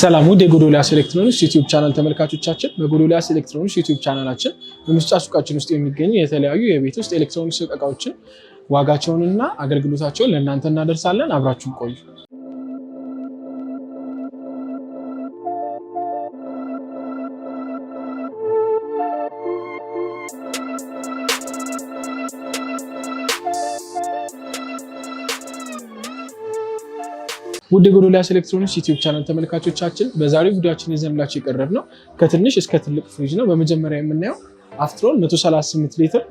ሰላም ውድ የጎዶልያስ ኤሌክትሮኒክስ ዩቲዩብ ቻናል ተመልካቾቻችን፣ በጎዶልያስ ኤሌክትሮኒክስ ዩቲዩብ ቻናላችን በመስጫ ሱቃችን ውስጥ የሚገኙ የተለያዩ የቤት ውስጥ ኤሌክትሮኒክስ እቃዎችን ዋጋቸውንና አገልግሎታቸውን ለእናንተ እናደርሳለን። አብራችሁን ቆዩ። ውድ ጎዶልያስ ኤሌክትሮኒክስ ዩቲዩብ ቻናል ተመልካቾቻችን በዛሬው ቪዲዮችን ይዘንላችሁ የቀረብ ነው ከትንሽ እስከ ትልቅ ፍሪጅ ነው። በመጀመሪያ የምናየው አፍትሮን 138 ሊትር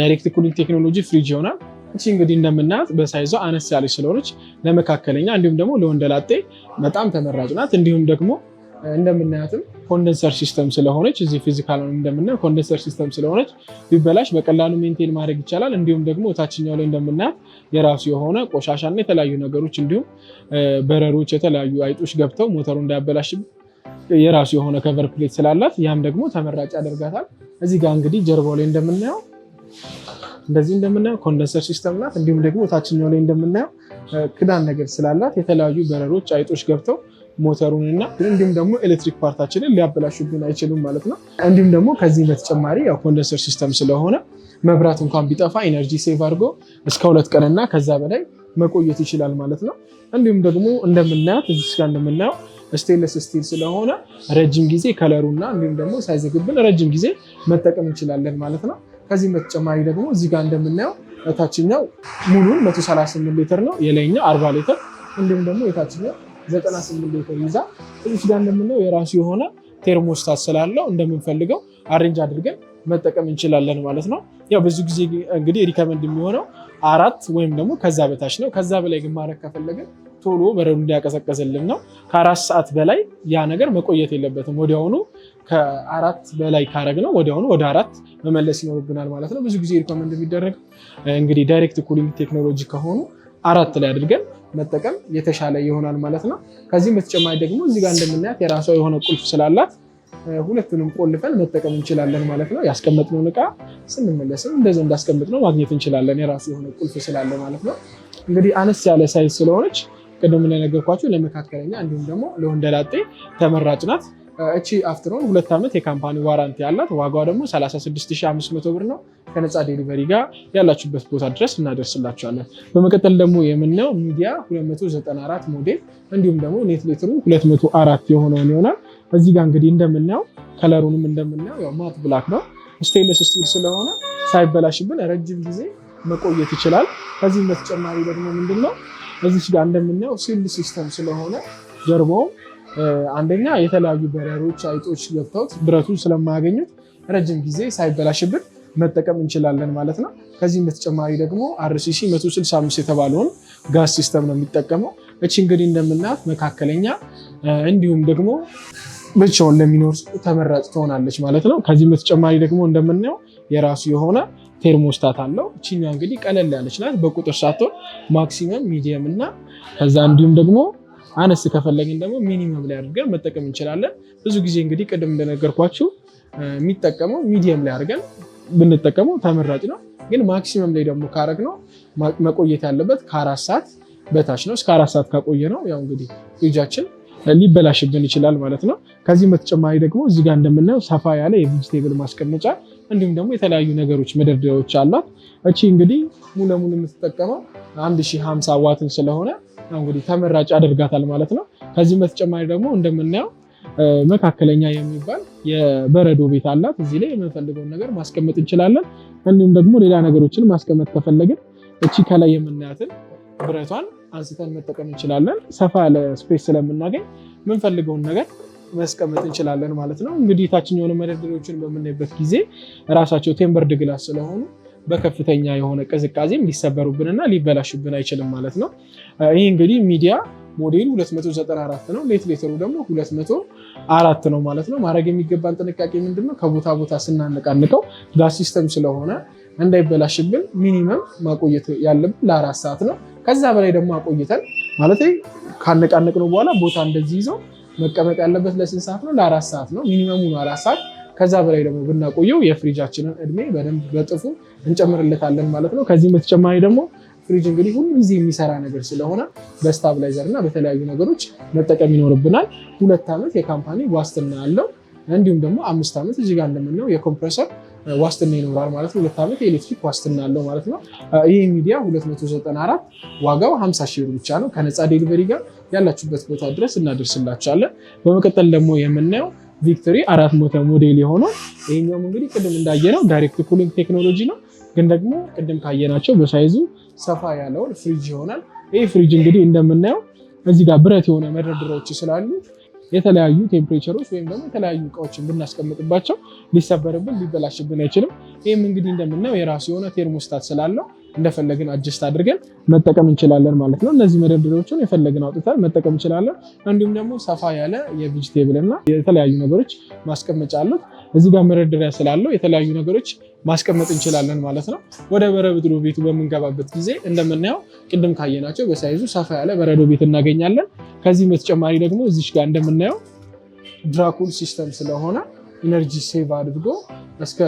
ዳይሬክት ኩሊንግ ቴክኖሎጂ ፍሪጅ ይሆናል። እቺ እንግዲህ እንደምናያት በሳይዟ አነስ ያለች ስለሆነች ለመካከለኛ እንዲሁም ደግሞ ለወንደላጤ በጣም ተመራጭ ናት። እንዲሁም ደግሞ እንደምናያትም ኮንደንሰር ሲስተም ስለሆነች እዚህ ፊዚካል እንደምናየው ኮንደንሰር ሲስተም ስለሆነች ቢበላሽ በቀላሉ ሜንቴን ማድረግ ይቻላል። እንዲሁም ደግሞ ታችኛው ላይ እንደምናያት የራሱ የሆነ ቆሻሻና የተለያዩ ነገሮች እንዲሁም በረሮች፣ የተለያዩ አይጦች ገብተው ሞተሩ እንዳያበላሽ የራሱ የሆነ ከቨር ፕሌት ስላላት ያም ደግሞ ተመራጭ ያደርጋታል። እዚህ ጋር እንግዲህ ጀርባው ላይ እንደምናየው እንደዚህ እንደምናየው ኮንደንሰር ሲስተም ናት። እንዲሁም ደግሞ ታችኛው ላይ እንደምናየው ክዳን ነገር ስላላት የተለያዩ በረሮች አይጦች ገብተው ሞተሩን እና እንዲሁም ደግሞ ኤሌክትሪክ ፓርታችንን ሊያበላሹብን አይችሉም ማለት ነው። እንዲሁም ደግሞ ከዚህ በተጨማሪ ያው ኮንደንሰር ሲስተም ስለሆነ መብራት እንኳን ቢጠፋ ኢነርጂ ሴቭ አድርጎ እስከ ሁለት ቀንና ከዛ በላይ መቆየት ይችላል ማለት ነው። እንዲሁም ደግሞ እንደምናያት እዚህ ጋር እንደምናየው ስቴንለስ ስቲል ስለሆነ ረጅም ጊዜ ከለሩና እንዲሁም ደግሞ ሳይዘግብን ረጅም ጊዜ መጠቀም እንችላለን ማለት ነው። ከዚህም በተጨማሪ ደግሞ እዚህ ጋር እንደምናየው ታችኛው ሙሉን 138 ሊትር ነው፣ የላይኛው 40 ሊትር እንዲሁም ደግሞ የታችኛው 98 ሊትር ይዛ እዚህ ጋር እንደምናየው የራሱ የሆነ ቴርሞስታት ስላለው እንደምንፈልገው አሬንጅ አድርገን መጠቀም እንችላለን ማለት ነው። ያው ብዙ ጊዜ እንግዲህ ሪከመንድ የሚሆነው አራት ወይም ደግሞ ከዛ በታች ነው። ከዛ በላይ ግን ማድረግ ከፈለግን ቶሎ በረዱ እንዲያቀዘቀዝልን ነው። ከአራት ሰዓት በላይ ያ ነገር መቆየት የለበትም። ወዲያውኑ ከአራት በላይ ካረግ ነው ወዲያውኑ ወደ አራት መመለስ ይኖርብናል ማለት ነው። ብዙ ጊዜ ሪኮመንድ የሚደረግ እንግዲህ ዳይሬክት ኩሊንግ ቴክኖሎጂ ከሆኑ አራት ላይ አድርገን መጠቀም የተሻለ ይሆናል ማለት ነው። ከዚህም በተጨማሪ ደግሞ እዚህ ጋር እንደምናያት የራሷ የሆነ ቁልፍ ስላላት ሁለቱንም ቆልፈን መጠቀም እንችላለን ማለት ነው። ያስቀመጥነውን እቃ ስንመለስም እንደዚህ እንዳስቀመጥነው ማግኘት እንችላለን። የራሱ የሆነ ቁልፍ ስላለ ማለት ነው። እንግዲህ አነስ ያለ ሳይዝ ስለሆነች ቅድም እንደነገርኳችሁ ለመካከለኛ እንዲሁም ደግሞ ለወንደላጤ ተመራጭ ናት። እቺ አፍትሮን ሁለት ዓመት የካምፓኒ ዋራንቲ ያላት ዋጋዋ ደግሞ 36500 ብር ነው። ከነፃ ዴሊቨሪ ጋር ያላችሁበት ቦታ ድረስ እናደርስላችኋለን። በመቀጠል ደግሞ የምናየው ሚዲያ 294 ሞዴል እንዲሁም ደግሞ ኔትሌትሩ 204 የሆነውን ይሆናል። እዚህ ጋር እንግዲህ እንደምናየው ከለሩንም እንደምናየው ያው ማት ብላክ ነው። ስቴንለስ ስቲል ስለሆነ ሳይበላሽብን ረጅም ጊዜ መቆየት ይችላል። ከዚህም በተጨማሪ ደግሞ ምንድነው እዚች ጋር እንደምናየው ሲልድ ሲስተም ስለሆነ ጀርባውም አንደኛ የተለያዩ በረሮች፣ አይጦች ገብተውት ብረቱ ስለማያገኙት ረጅም ጊዜ ሳይበላሽብን መጠቀም እንችላለን ማለት ነው። ከዚህም በተጨማሪ ደግሞ አርሲሲ 165 የተባለውን ጋዝ ሲስተም ነው የሚጠቀመው። እቺ እንግዲህ እንደምናያት መካከለኛ እንዲሁም ደግሞ ብቻውን ለሚኖር ተመራጭ ትሆናለች ማለት ነው። ከዚህም በተጨማሪ ደግሞ እንደምናየው የራሱ የሆነ ቴርሞስታት አለው። እቺኛ እንግዲህ ቀለል ያለች ናት። በቁጥር ሳትሆን ማክሲመም፣ ሚዲየም እና ከዛ እንዲሁም ደግሞ አነስ ከፈለግን ደግሞ ሚኒመም ላይ አድርገን መጠቀም እንችላለን። ብዙ ጊዜ እንግዲህ ቅድም እንደነገርኳችሁ የሚጠቀመው ሚዲየም ላይ አድርገን ብንጠቀመው ተመራጭ ነው። ግን ማክሲመም ላይ ደግሞ ካረግ ነው መቆየት ያለበት ከአራት ሰዓት በታች ነው። እስከ አራት ሰዓት ካቆየ ነው ያው እንግዲህ ፍሪጃችን ሊበላሽብን ይችላል ማለት ነው። ከዚህም በተጨማሪ ደግሞ እዚህ ጋር እንደምናየው ሰፋ ያለ የቬጅቴብል ማስቀመጫ እንዲሁም ደግሞ የተለያዩ ነገሮች መደርደሪያዎች አሏት። እቺ እንግዲህ ሙሉ ለሙሉ የምትጠቀመው 1050 ዋትን ስለሆነ እንግዲህ ተመራጭ አድርጋታል ማለት ነው። ከዚህም በተጨማሪ ደግሞ እንደምናየው መካከለኛ የሚባል የበረዶ ቤት አላት። እዚህ ላይ የምንፈልገውን ነገር ማስቀመጥ እንችላለን። እንዲሁም ደግሞ ሌላ ነገሮችን ማስቀመጥ ከፈለግን እቺ ከላይ የምናያትን ብረቷን አንስተን መጠቀም እንችላለን። ሰፋ ያለ ስፔስ ስለምናገኝ የምንፈልገውን ነገር መስቀመጥ እንችላለን ማለት ነው። እንግዲህ ታችኛውን መደርደሪያዎችን በምናይበት ጊዜ ራሳቸው ቴምበርድ ግላስ ስለሆኑ በከፍተኛ የሆነ ቅዝቃዜም ሊሰበሩብንና ሊበላሽብን አይችልም ማለት ነው። ይህ እንግዲህ ሚዲያ ሞዴሉ 294 ነው። ሌት ሌተሩ ደግሞ 204 ነው ማለት ነው። ማድረግ የሚገባን ጥንቃቄ ምንድነው? ከቦታ ቦታ ስናነቃንቀው ጋዝ ሲስተም ስለሆነ እንዳይበላሽብን ሚኒመም ማቆየት ያለብን ለአራት ሰዓት ነው። ከዛ በላይ ደግሞ አቆይተን ማለት ካነቃነቅ ነው በኋላ ቦታ እንደዚህ ይዘው መቀመጥ ያለበት ለስንት ሰዓት ነው? ለአራት ሰዓት ነው። ሚኒመሙ ነው አራት ሰዓት ከዛ በላይ ደግሞ ብናቆየው የፍሪጃችንን እድሜ በደንብ በጥፉ እንጨምርለታለን ማለት ነው። ከዚህም በተጨማሪ ደግሞ ፍሪጅ እንግዲህ ሁሉ ጊዜ የሚሰራ ነገር ስለሆነ በስታብላይዘር እና በተለያዩ ነገሮች መጠቀም ይኖርብናል። ሁለት ዓመት የካምፓኒ ዋስትና ያለው እንዲሁም ደግሞ አምስት ዓመት እዚህ ጋር እንደምናየው የኮምፕረሰር ዋስትና ይኖራል ማለት ነው። ሁለት ዓመት የኤሌክትሪክ ዋስትና አለው ማለት ነው። ይህ ሚዲያ 294 ዋጋው 50 ሺህ ብር ብቻ ነው። ከነፃ ዴሊቨሪ ጋር ያላችሁበት ቦታ ድረስ እናደርስላችኋለን። በመቀጠል ደግሞ የምናየው ቪክቶሪ አራት መቶ ሞዴል የሆነው ይሄኛውም እንግዲህ ቅድም እንዳየነው ዳይሬክት ኩሊንግ ቴክኖሎጂ ነው፣ ግን ደግሞ ቅድም ካየናቸው በሳይዙ ሰፋ ያለውን ፍሪጅ ይሆናል። ይህ ፍሪጅ እንግዲህ እንደምናየው እዚህ ጋር ብረት የሆነ መደርደሪያዎች ስላሉ የተለያዩ ቴምፕሬቸሮች ወይም ደግሞ የተለያዩ እቃዎችን ብናስቀምጥባቸው ሊሰበርብን ሊበላሽብን አይችልም። ይህም እንግዲህ እንደምናየው የራሱ የሆነ ቴርሞስታት ስላለው እንደፈለግን አጀስት አድርገን መጠቀም እንችላለን ማለት ነው። እነዚህ መደርደሪያዎችን የፈለግን አውጥተን መጠቀም እንችላለን። እንዲሁም ደግሞ ሰፋ ያለ የቬጅቴብል እና የተለያዩ ነገሮች ማስቀመጫ አሉት። እዚህ ጋር መደርደሪያ ስላለው የተለያዩ ነገሮች ማስቀመጥ እንችላለን ማለት ነው። ወደ በረዶ ቤቱ በምንገባበት ጊዜ እንደምናየው ቅድም ካየናቸው በሳይዙ ሰፋ ያለ በረዶ ቤት እናገኛለን። ከዚህም በተጨማሪ ደግሞ እዚች ጋር እንደምናየው ድራኩል ሲስተም ስለሆነ ኢነርጂ ሴቭ አድርጎ እስከ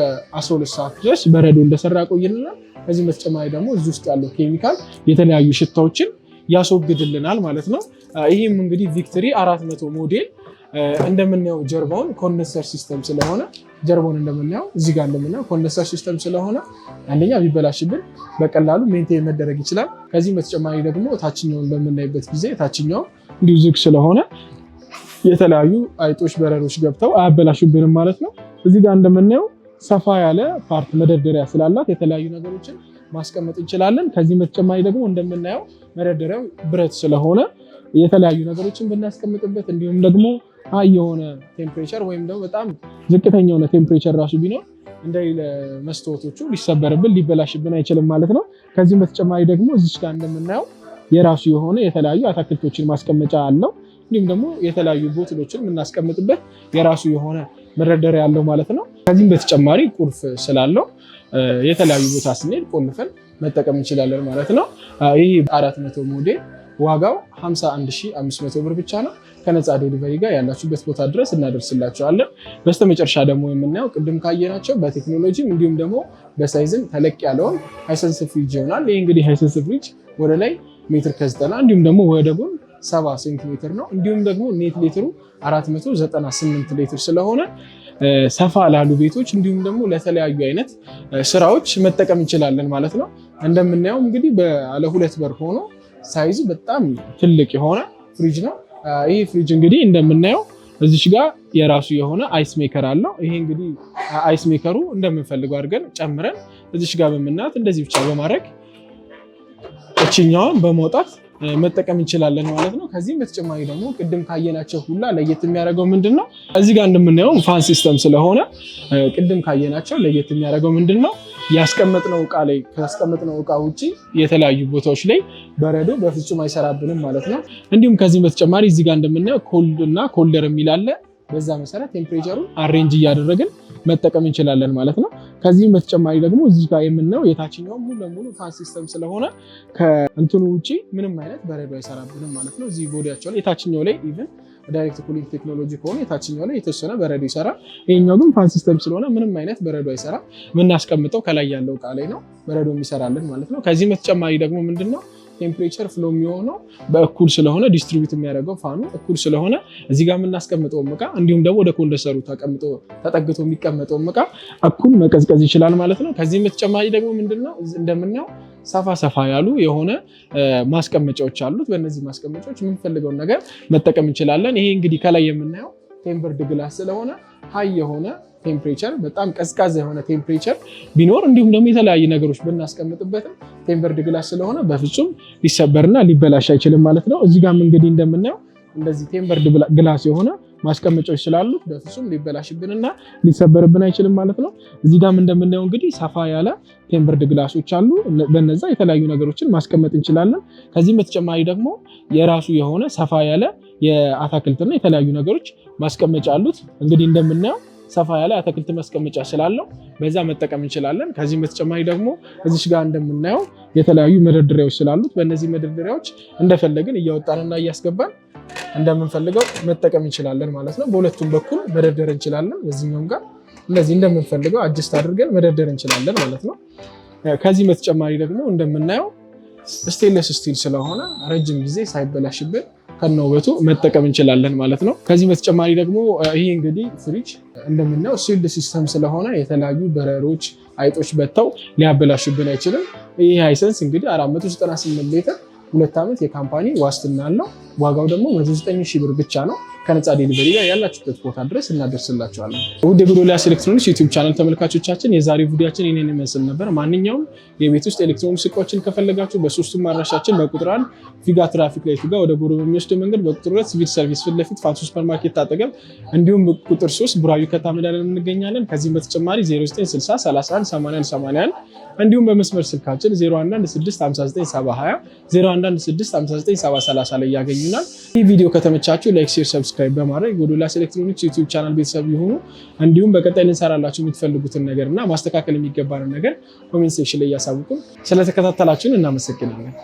12 ሰዓት ድረስ በረዶ እንደሰራ ቆይልና ከዚህ በተጨማሪ ደግሞ እዚህ ውስጥ ያለው ኬሚካል የተለያዩ ሽታዎችን ያስወግድልናል ማለት ነው። ይህም እንግዲህ ቪክትሪ 400 ሞዴል እንደምናየው ጀርባውን ኮንደንሰር ሲስተም ስለሆነ ጀርባውን እንደምናየው እዚህ ጋር እንደምናየው ኮንደንሰር ሲስተም ስለሆነ አንደኛ ቢበላሽብን በቀላሉ ሜንቴን መደረግ ይችላል። ከዚህም በተጨማሪ ደግሞ ታችኛውን በምናይበት ጊዜ ታችኛው እንዲሁ ዝግ ስለሆነ የተለያዩ አይጦች፣ በረሮች ገብተው አያበላሹብንም ማለት ነው። እዚህ ጋር እንደምናየው ሰፋ ያለ ፓርት መደርደሪያ ስላላት የተለያዩ ነገሮችን ማስቀመጥ እንችላለን። ከዚህም በተጨማሪ ደግሞ እንደምናየው መደርደሪያው ብረት ስለሆነ የተለያዩ ነገሮችን ብናስቀምጥበት እንዲሁም ደግሞ ሀይ የሆነ ቴምፕሬቸር ወይም ደግሞ በጣም ዝቅተኛ የሆነ ቴምፕሬቸር ራሱ ቢኖር እንደ መስታወቶቹ ሊሰበርብን ሊበላሽብን አይችልም ማለት ነው። ከዚህም በተጨማሪ ደግሞ እዚች ጋር እንደምናየው የራሱ የሆነ የተለያዩ አታክልቶችን ማስቀመጫ አለው። እንዲሁም ደግሞ የተለያዩ ቦትሎችን የምናስቀምጥበት የራሱ የሆነ መደርደሪያ ያለው ማለት ነው። ከዚህም በተጨማሪ ቁልፍ ስላለው የተለያዩ ቦታ ስንሄድ ቆልፈን መጠቀም እንችላለን ማለት ነው። ይህ አራት መቶ ሞዴል ዋጋው 51500 ብር ብቻ ነው። ከነፃ ዴሊቨሪ ጋር ያላችሁበት ቦታ ድረስ እናደርስላችኋለን። በስተመጨረሻ ደግሞ የምናየው ቅድም ካየናቸው በቴክኖሎጂም እንዲሁም ደግሞ በሳይዝም ተለቅ ያለውን ሃይሰንስ ፍሪጅ ይሆናል። ይህ እንግዲህ ሃይሰንስ ፍሪጅ ወደ ላይ ሜትር ከዘጠና እንዲሁም ደግሞ ወደ ጎን 70 ሴንቲሜትር ነው። እንዲሁም ደግሞ ኔት ሌትሩ 498 ሌትር ስለሆነ ሰፋ ላሉ ቤቶች እንዲሁም ደግሞ ለተለያዩ አይነት ስራዎች መጠቀም እንችላለን ማለት ነው። እንደምናየው እንግዲህ ባለ ሁለት በር ሆኖ ሳይዙ በጣም ትልቅ የሆነ ፍሪጅ ነው። ይሄ ፍሪጅ እንግዲህ እንደምናየው እዚች ጋር የራሱ የሆነ አይስ ሜከር አለው። ይሄ እንግዲህ አይስ ሜከሩ እንደምንፈልገው አድርገን ጨምረን እዚች ጋር በምናት እንደዚህ ብቻ በማድረግ እችኛዋን በመውጣት መጠቀም እንችላለን ማለት ነው። ከዚህም በተጨማሪ ደግሞ ቅድም ካየናቸው ሁላ ለየት የሚያደርገው ምንድን ነው? እዚህ ጋር እንደምናየው ፋን ሲስተም ስለሆነ ቅድም ካየናቸው ለየት የሚያደርገው ምንድን ነው? ያስቀመጥነው እቃ ላይ ካስቀመጥነው እቃ ውጭ የተለያዩ ቦታዎች ላይ በረዶ በፍጹም አይሰራብንም ማለት ነው። እንዲሁም ከዚህም በተጨማሪ እዚህ ጋር እንደምናየው ኮልድ እና ኮልደር የሚላለ በዛ መሰረት ቴምፕሬቸሩን አሬንጅ እያደረግን መጠቀም እንችላለን ማለት ነው። ከዚህም በተጨማሪ ደግሞ እዚህ ጋር የምናየው የታችኛው ሙሉ ለሙሉ ፋን ሲስተም ስለሆነ ከእንትኑ ውጭ ምንም አይነት በረዶ አይሰራብንም ማለት ነው። እዚህ ቦዲያቸው ላይ የታችኛው ላይ ኢቭን ዳይሬክት ኩሊንግ ቴክኖሎጂ ከሆነ የታችኛው ላይ የተወሰነ በረዶ ይሰራል። ይሄኛው ግን ፋን ሲስተም ስለሆነ ምንም አይነት በረዶ አይሰራም። የምናስቀምጠው ከላይ ያለው እቃ ላይ ነው በረዶ የሚሰራልን ማለት ነው። ከዚህም በተጨማሪ ደግሞ ምንድን ነው ቴምፕሬቸር ፍሎ የሚሆነው በእኩል ስለሆነ ዲስትሪቢዩት የሚያደርገው ፋኑ እኩል ስለሆነ እዚህ ጋር የምናስቀምጠውም እቃ እንዲሁም ደግሞ ወደ ኮንደንሰሩ ተቀምጦ ተጠግቶ የሚቀመጠው እቃ እኩል መቀዝቀዝ ይችላል ማለት ነው። ከዚህም በተጨማሪ ደግሞ ምንድነው እንደምናየው ሰፋ ሰፋ ያሉ የሆነ ማስቀመጫዎች አሉት። በእነዚህ ማስቀመጫዎች የምንፈልገውን ነገር መጠቀም እንችላለን። ይሄ እንግዲህ ከላይ የምናየው ቴምበርድ ግላስ ስለሆነ ሀይ የሆነ ቴምፕሬቸር በጣም ቀዝቃዛ የሆነ ቴምፕሬቸር ቢኖር እንዲሁም ደግሞ የተለያዩ ነገሮች ብናስቀምጥበትም ቴምፐርድ ግላስ ስለሆነ በፍጹም ሊሰበርና ሊበላሽ አይችልም ማለት ነው። እዚህ ጋም እንግዲህ እንደምናየው እንደዚህ ቴምፐርድ ግላስ የሆነ ማስቀመጫዎች ስላሉት በፍጹም ሊበላሽብንና ሊሰበርብን አይችልም ማለት ነው። እዚህ ጋም እንደምናየው እንግዲህ ሰፋ ያለ ቴምፐርድ ግላሶች አሉ። በነዛ የተለያዩ ነገሮችን ማስቀመጥ እንችላለን። ከዚህም በተጨማሪ ደግሞ የራሱ የሆነ ሰፋ ያለ የአታክልትና የተለያዩ ነገሮች ማስቀመጫ አሉት እንግዲህ እንደምናየው ሰፋ ያለ አትክልት ማስቀመጫ ስላለው በዛ መጠቀም እንችላለን። ከዚህም በተጨማሪ ደግሞ እዚች ጋር እንደምናየው የተለያዩ መደርደሪያዎች ስላሉት በእነዚህ መደርደሪያዎች እንደፈለግን እያወጣንና እያስገባን እንደምንፈልገው መጠቀም እንችላለን ማለት ነው። በሁለቱም በኩል መደርደር እንችላለን። በዚህኛውም ጋር እንደዚህ እንደምንፈልገው አጀስት አድርገን መደርደር እንችላለን ማለት ነው። ከዚህም በተጨማሪ ደግሞ እንደምናየው ስቴንለስ ስቲል ስለሆነ ረጅም ጊዜ ሳይበላሽብን ውበቱ መጠቀም እንችላለን ማለት ነው። ከዚህ በተጨማሪ ደግሞ ይህ እንግዲህ ፍሪጅ እንደምናየው ሲልድ ሲስተም ስለሆነ የተለያዩ በረሮች፣ አይጦች በተው ሊያበላሹብን አይችልም። ይህ ሃይሰንስ እንግዲህ 498 ሊትር ሁለት ዓመት የካምፓኒ ዋስትና አለው። ዋጋው ደግሞ 9000 ብር ብቻ ነው። ከነፃ ዴሊቨሪ ጋር ያላችሁበት ቦታ ድረስ እናደርስላችኋለን። ውድ የጎዶልያስ ኤሌክትሮኒክስ ዩቲዩብ ቻናል ተመልካቾቻችን የዛሬ ቪዲዮችን ይህንን ይመስል ነበር። ማንኛውም የቤት ውስጥ ኤሌክትሮኒክስ እቃዎችን ከፈለጋችሁ በሶስቱም አድራሻችን በቁጥር አንድ ፊጋ ትራፊክ ላይቱ ጋር ወደ ጎሮ በሚወስድ መንገድ፣ በቁጥር ሁለት ሲቪል ሰርቪስ ፊት ለፊት ፋቱ ሱፐርማርኬት አጠገብ፣ እንዲሁም ቁጥር ሶስት ቡራዩ ከታመዳለን እንገኛለን። ከዚህም በተጨማሪ 0960 31 81 እንዲሁም በመስመር ስልካችን 0116597020 0116597030 ላይ ያገኙናል። ይህ ቪዲዮ ከተመቻችሁ ላይክ፣ ሼር፣ ሰብስ ሰብስክራይብ በማድረግ የጎዶልያስ ኤሌክትሮኒክስ ዩቲዩብ ቻናል ቤተሰብ የሆኑ እንዲሁም በቀጣይ ልንሰራላችሁ የምትፈልጉትን ነገር እና ማስተካከል የሚገባንን ነገር ኮሜንት ሴክሽን ላይ እያሳውቁን ስለተከታተላችሁን እናመሰግናለን።